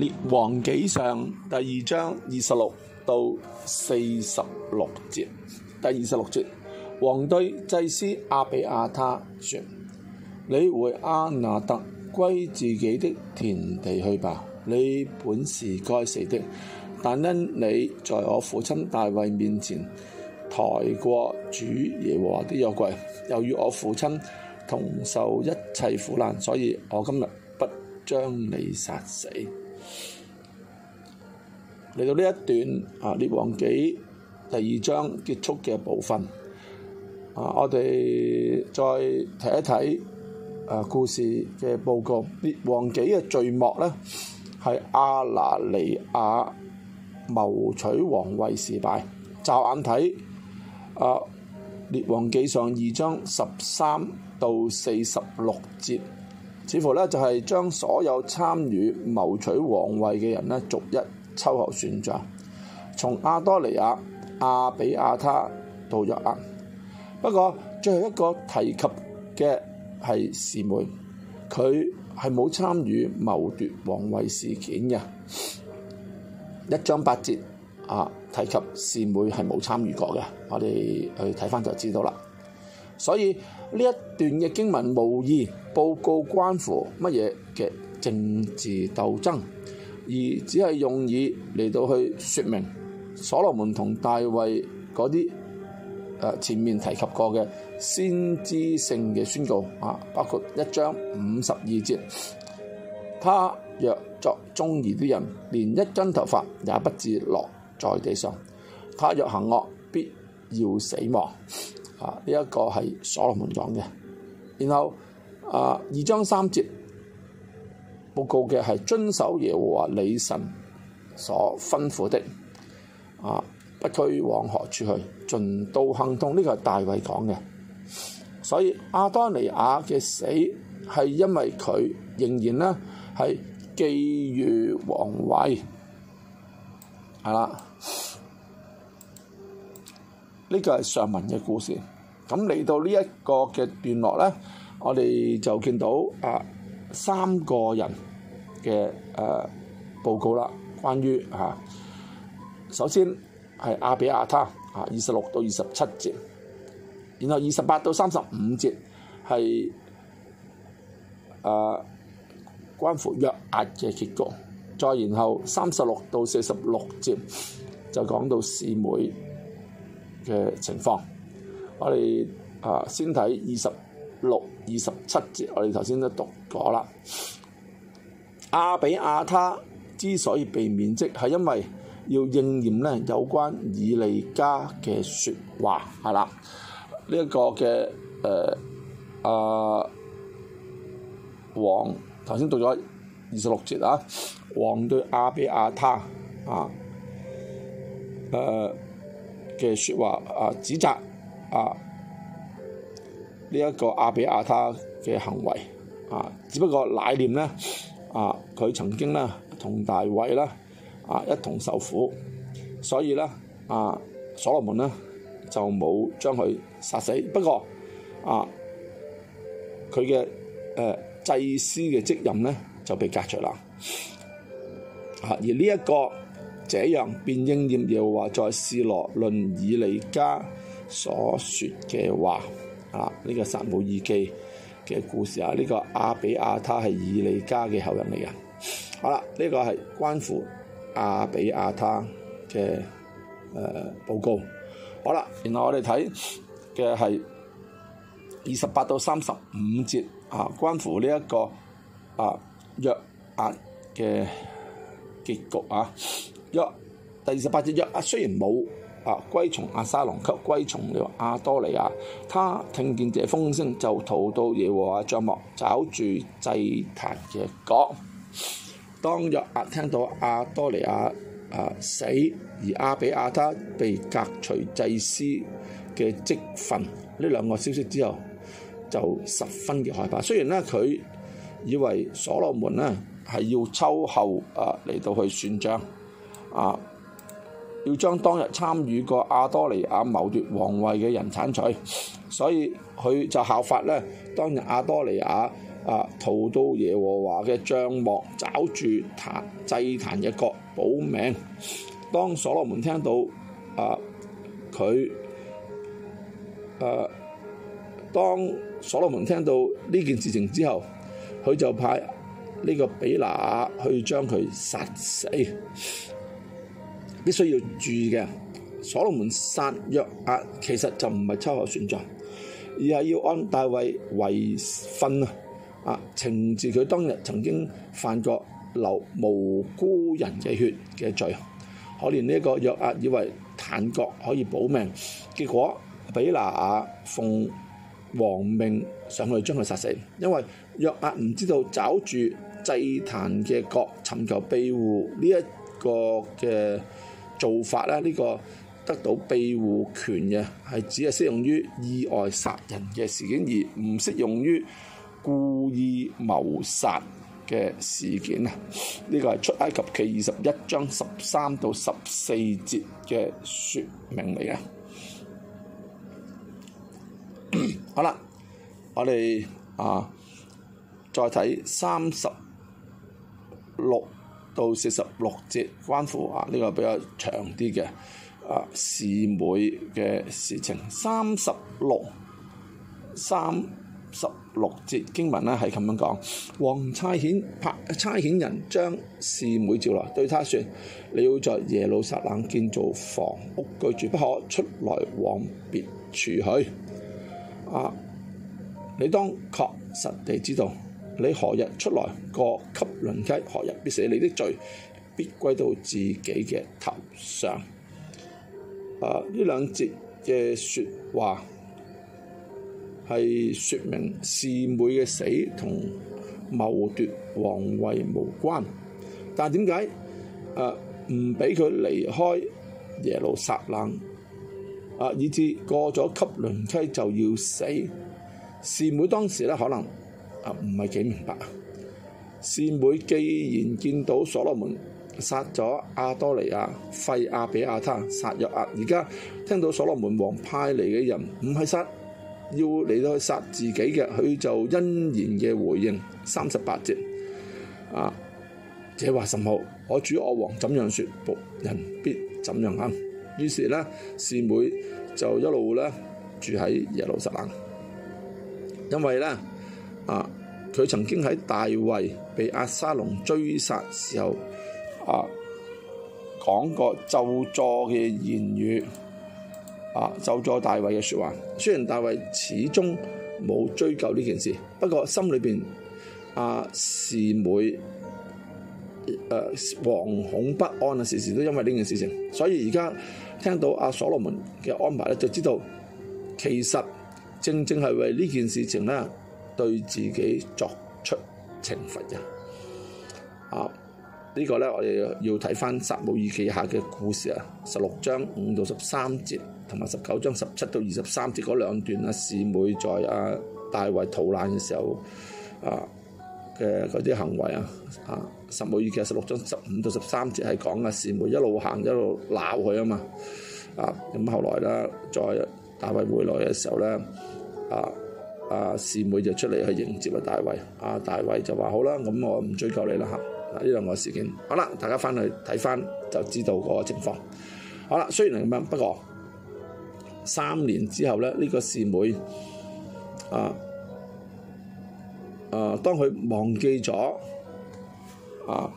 列王紀上第二章二十六到四十六節。第二十六節，王對祭司阿比亞他說：你回阿那特歸自己的田地去吧。你本是該死的，但因你在我父親大衛面前抬過主耶和華的約櫃，又與我父親同受一切苦難，所以我今日不將你殺死。嚟到呢一段啊《列王紀》第二章結束嘅部分啊，我哋再睇一睇啊故事嘅報告，《列王紀》嘅序幕呢，係阿拿尼亞謀取皇位失敗。驟眼睇啊，《列王紀》上二章十三到四十六節。似乎咧就係將所有參與謀取王位嘅人咧逐一秋後算賬，從亞多尼雅、亞比亞他到約押。不過最後一個提及嘅係示每，佢係冇參與謀奪王位事件嘅。一章八節啊，提及示每係冇參與過嘅，我哋去睇翻就知道啦。所以呢一段嘅經文無意報告關乎乜嘢嘅政治鬥爭，而只係用以嚟到去説明所羅門同大衛嗰啲、呃、前面提及過嘅先知性嘅宣告啊，包括一章五十二節，他若作忠義啲人，連一根頭髮也不致落在地上；他若行惡，必要死亡。呢一、啊這個係所羅門講嘅，然後啊，二章三節報告嘅係遵守耶和華你神所吩咐的，啊，不拘往何處去，盡都亨通。呢、這個係大衛講嘅，所以亞多尼雅嘅死係因為佢仍然呢係覬覦王位，係啦。呢個係上文嘅故事，咁嚟到呢一個嘅段落呢，我哋就見到誒、啊、三個人嘅誒、啊、報告啦，關於嚇、啊，首先係亞比亞他啊，二十六到二十七節，然後二十八到三十五節係誒關乎約押嘅結局，再然後三十六到四十六節就講到示每。嘅情況，我哋啊先睇二十六、二十七節，我哋頭先都讀咗啦。亞比亞他之所以被免職，係因為要應驗咧有關以利家嘅説話，係啦。呢、這、一個嘅誒啊王頭先讀咗二十六節啊，王對亞比亞他啊誒。呃嘅説話啊，指責啊呢一、這個阿比亞他嘅行為啊，只不過奶念咧啊，佢曾經咧同大衛咧啊一同受苦，所以咧啊所羅門咧就冇將佢殺死，不過啊佢嘅誒祭司嘅職任咧就被革除啦。啊，而呢、這、一個。這樣便應驗又話，在示羅論以利家所說嘅話啊，呢、這個撒母耳記嘅故事啊，呢、這個阿比亞他係以利家嘅後人嚟嘅。好啦，呢、這個係關乎阿比亞他嘅誒、呃、報告。好啦，然後我哋睇嘅係二十八到三十五節啊，關乎呢、這、一個啊約押嘅結局啊。約第二十八節約啊，雖然冇啊，歸從押沙龍及歸從了亞多利亞。他聽見這風聲，就逃到耶和華帳幕，找住祭壇嘅角。當約押、啊、聽到亞多利亞啊死，而亞比亞他被革除祭司嘅職分呢兩個消息之後，就十分嘅害怕。雖然呢，佢以為所羅門呢係要秋後啊嚟到去算賬。啊！要將當日參與過亞多利亞謀奪王位嘅人剷除，所以佢就效法咧，當日亞多利亞啊逃到耶和華嘅帳幕，找住壇祭壇嘅角保命。當所羅門聽到啊佢、誒、啊，當所羅門聽到呢件事情之後，佢就派呢個比拿雅去將佢殺死。必須要注意嘅，所羅門殺約押，其實就唔係秋後算帳，而係要按大衛遺訓啊，啊、呃、懲治佢當日曾經犯過流無辜人嘅血嘅罪，可憐呢一個約押以為坦國可以保命，結果比拿亞奉王命上去將佢殺死，因為約押唔知道找住祭壇嘅角尋求庇護呢一個嘅。做法啦，呢個得到庇護權嘅係只係適用於意外殺人嘅事件，而唔適用於故意謀殺嘅事件啊！呢個係出埃及記二十一章十三到十四節嘅説明嚟嘅。 好啦，我哋啊再睇三十六。到四十六節，關乎啊呢、這個比較長啲嘅啊示每嘅事情。三十六三十六節經文呢係咁樣講，王差遣、派差遣人將示每召來，對他説：你要在耶路撒冷建造房屋居住，不可出來往別處去。啊，你當確實地知道。你何日出來過汲淪溪？何日必死？你的罪必歸到自己嘅頭上。啊！呢兩節嘅説話係說明示每嘅死同謀奪王位無關，但點解啊唔俾佢離開耶路撒冷啊？以致過咗汲淪溪就要死。示每當時咧可能。唔係幾明白啊！示每既然見到所羅門殺咗亞多尼雅、廢亞比亞他，殺又殺，而家聽到所羅門王派嚟嘅人唔係殺，要嚟到去殺自己嘅，佢就欣然嘅回應。三十八節，啊，這話甚好，我主我王怎樣説，僕人必怎樣行。於是呢，示每就一路呢住喺耶路撒冷，因為呢。啊！佢曾經喺大衛被押沙龍追殺時候，啊，講過咒詛嘅言語，啊，咒詛大衛嘅說話。雖然大衛始終冇追究呢件事，不過心裏邊啊，示每、啊、惶恐不安啊，時時都因為呢件事情。所以而家聽到阿所羅門嘅安排咧，就知道其實正正係為呢件事情咧。對自己作出懲罰嘅啊，這個、呢個咧，我哋要睇返《撒母耳記下》嘅故事啊，十六章五到十三節同埋十九章十七到二十三節嗰兩段啊，示每在啊大衛逃難嘅時候啊嘅嗰啲行為啊啊，十《撒母耳記》十六章十五到十三節係講啊，示每一路行一路鬧佢啊嘛啊，咁、嗯、後來咧在大衛回來嘅時候咧啊。啊！侍妹就出嚟去迎接阿大衛，阿、啊、大衛就話好啦，咁我唔追究你啦吓。呢兩個事件，好啦，大家翻去睇翻就知道個情況。好啦，雖然係咁樣，不過三年之後咧，呢、這個侍妹啊啊，當佢忘記咗啊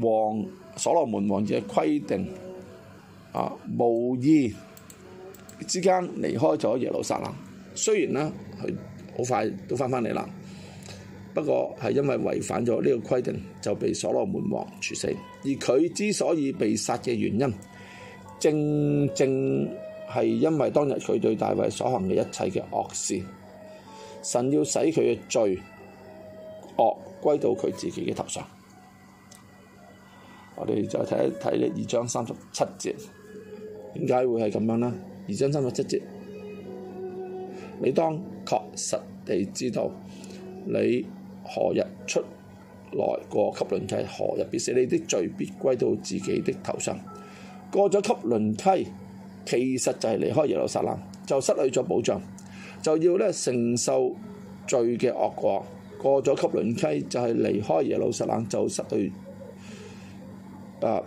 王所羅門王嘅規定啊，無意之間離開咗耶路撒冷。雖然呢，佢好快都返返嚟啦。不過係因為違反咗呢個規定，就被所羅門王處死。而佢之所以被殺嘅原因，正正係因為當日佢對大衛所行嘅一切嘅惡事，神要使佢嘅罪惡歸到佢自己嘅頭上。我哋再睇一睇呢二章三十七節，點解會係咁樣呢？二章三十七節。你當確實地知道，你何日出來過汲淪溪，何日必死。你的罪必歸到自己的頭上。過咗汲淪溪，其實就係離開耶路撒冷，就失去咗保障，就要咧承受罪嘅惡果。過咗汲淪溪就係、是、離開耶路撒冷，就失去啊呢、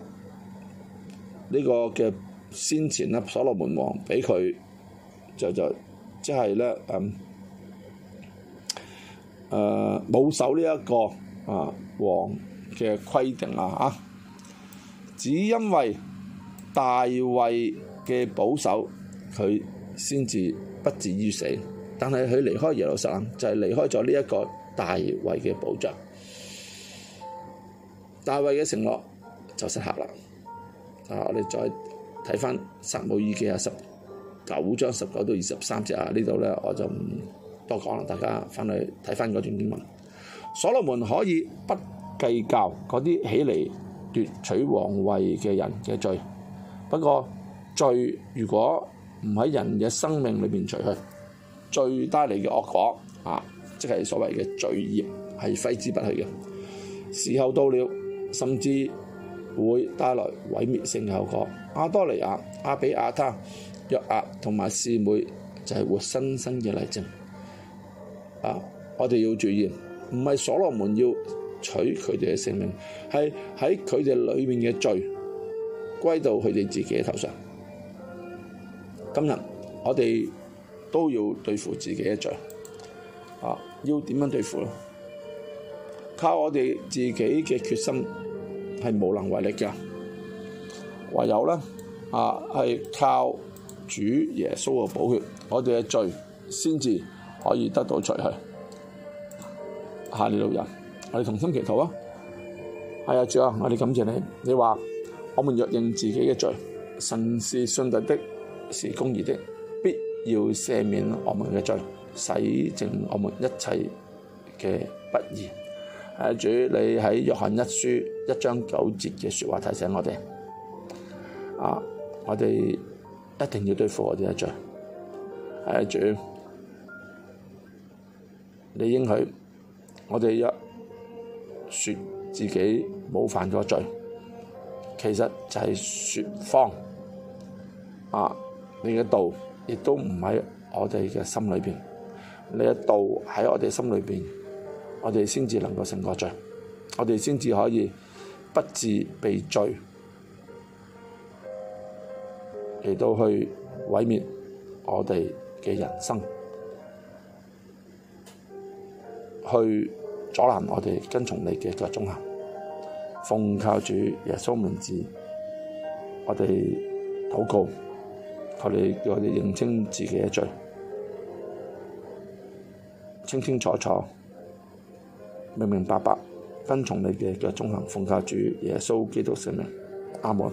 呃這個嘅先前啦。所羅門王俾佢就就。就即係咧，誒、嗯，誒、呃，保守呢、這、一個啊王嘅規定啊，啊，只因為大衛嘅保守，佢先至不至於死。但係佢離開耶路撒冷，就係、是、離開咗呢一個大衛嘅保障。大衛嘅承諾就失效啦。啊，我哋再睇返撒母耳記啊十九章十九到二十三節啊，呢度呢，我就唔多講啦，大家翻去睇翻嗰段經文。所羅門可以不計較嗰啲起嚟奪取皇位嘅人嘅罪，不過罪如果唔喺人嘅生命裏面除去，罪帶嚟嘅惡果啊，即係所謂嘅罪孽係揮之不去嘅。時候到了，甚至會帶來毀滅性嘅效果。阿多尼雅、阿比亞他、約押同埋示每就係、是、活生生嘅例證。啊，我哋要注意，唔係所羅門要取佢哋嘅性命，係喺佢哋裏面嘅罪歸到佢哋自己嘅頭上。今日我哋都要對付自己嘅罪。啊，要點樣對付？靠我哋自己嘅決心。係無能為力嘅，唯有咧啊係靠主耶穌嘅寶血，我哋嘅罪先至可以得到除去。哈利路亞！我哋同心祈禱啊！係、哎、啊，主啊，我哋感謝你。你話我們若認自己嘅罪，神是信實的，是公義的，必要赦免我們嘅罪，洗淨我們一切嘅不義。誒，主你喺約翰一書一章九節嘅說話提醒我哋，啊，我哋一定要對付我哋嘅罪。誒、啊，主你應許我哋若說自己冇犯過罪，其實就係說謊。啊，你嘅道亦都唔喺我哋嘅心裏邊，你嘅道喺我哋心裏邊。我哋先至能夠勝過罪，我哋先至可以不至被罪嚟到去毀滅我哋嘅人生，去阻攔我哋跟從你嘅腳蹤。奉靠主耶穌名字，我哋禱告，佢哋叫我哋認清自己嘅罪，清清楚楚，明明白白跟從你嘅嘅忠行，奉靠主耶穌基督聖名，阿門。